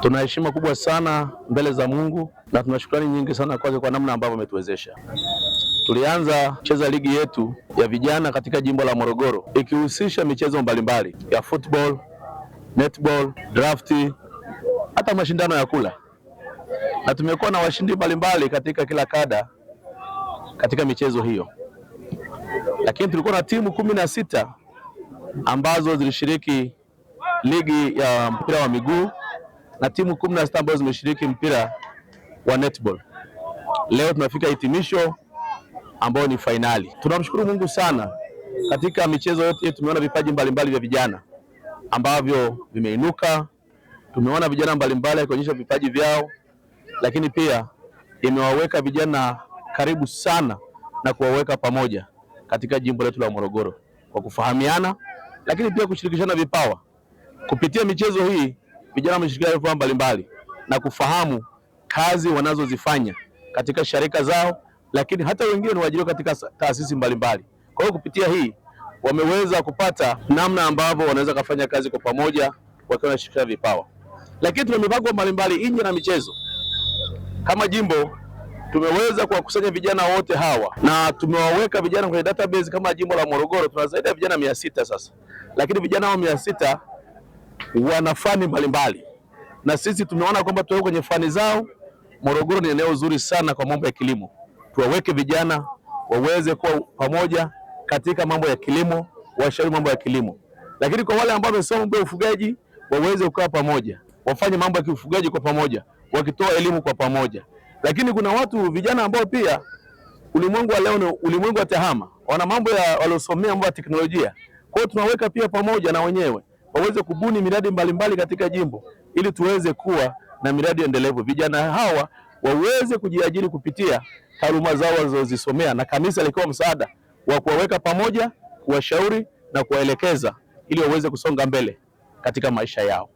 Tuna heshima kubwa sana mbele za Mungu na tuna shukrani nyingi sana kwake kwa namna ambavyo ametuwezesha. Tulianza kucheza ligi yetu ya vijana katika jimbo la Morogoro ikihusisha michezo mbalimbali ya football, netball, drafti, hata mashindano ya kula, na tumekuwa na washindi mbalimbali katika kila kada katika michezo hiyo, lakini tulikuwa na timu kumi na sita ambazo zilishiriki ligi ya mpira wa miguu na timu kumi na sita ambazo zimeshiriki mpira wa netball. Leo tunafika hitimisho ambayo ni fainali. Tunamshukuru Mungu sana, katika michezo yote tumeona vipaji mbalimbali vya vijana ambavyo vimeinuka. Tumeona vijana mbalimbali wakionyesha vipaji vyao, lakini pia imewaweka vijana karibu sana na kuwaweka pamoja katika jimbo letu la Morogoro kwa kufahamiana, lakini pia kushirikishana vipawa kupitia michezo hii vijana wameshikilia vifaa mbalimbali na kufahamu kazi wanazozifanya katika sharika zao, lakini hata wengine ni waajiriwa katika taasisi mbalimbali. Kwa hiyo kupitia hii wameweza kupata namna ambavyo wanaweza kufanya kazi kwa pamoja wakiwa wanashikilia vipawa, lakini tuna mipango mbalimbali nje na michezo. Kama jimbo tumeweza kuwakusanya vijana wote hawa na tumewaweka vijana kwenye database. Kama jimbo la Morogoro tuna zaidi ya vijana mia sita sasa, lakini vijana hao mia sita wana fani mbalimbali, na sisi tumeona kwamba tuwe kwenye fani zao. Morogoro ni eneo zuri sana kwa mambo ya kilimo, tuwaweke vijana waweze kuwa pamoja katika mambo ya kilimo, washauri mambo ya kilimo, lakini kwa wale ambao wamesoma mambo ya ufugaji waweze kukaa pamoja, wafanye mambo ya kiufugaji kwa pamoja, wakitoa elimu kwa pamoja. Lakini kuna watu vijana ambao pia ulimwengu wa leo ni ulimwengu wa tehama, wana mambo ya waliosomea mambo ya teknolojia, kwa hiyo tunaweka pia pamoja na wenyewe waweze kubuni miradi mbalimbali mbali katika jimbo ili tuweze kuwa na miradi endelevu. Vijana hawa waweze kujiajiri kupitia taaluma zao walizozisomea, na kanisa likiwa msaada wa kuwaweka pamoja, kuwashauri na kuwaelekeza ili waweze kusonga mbele katika maisha yao.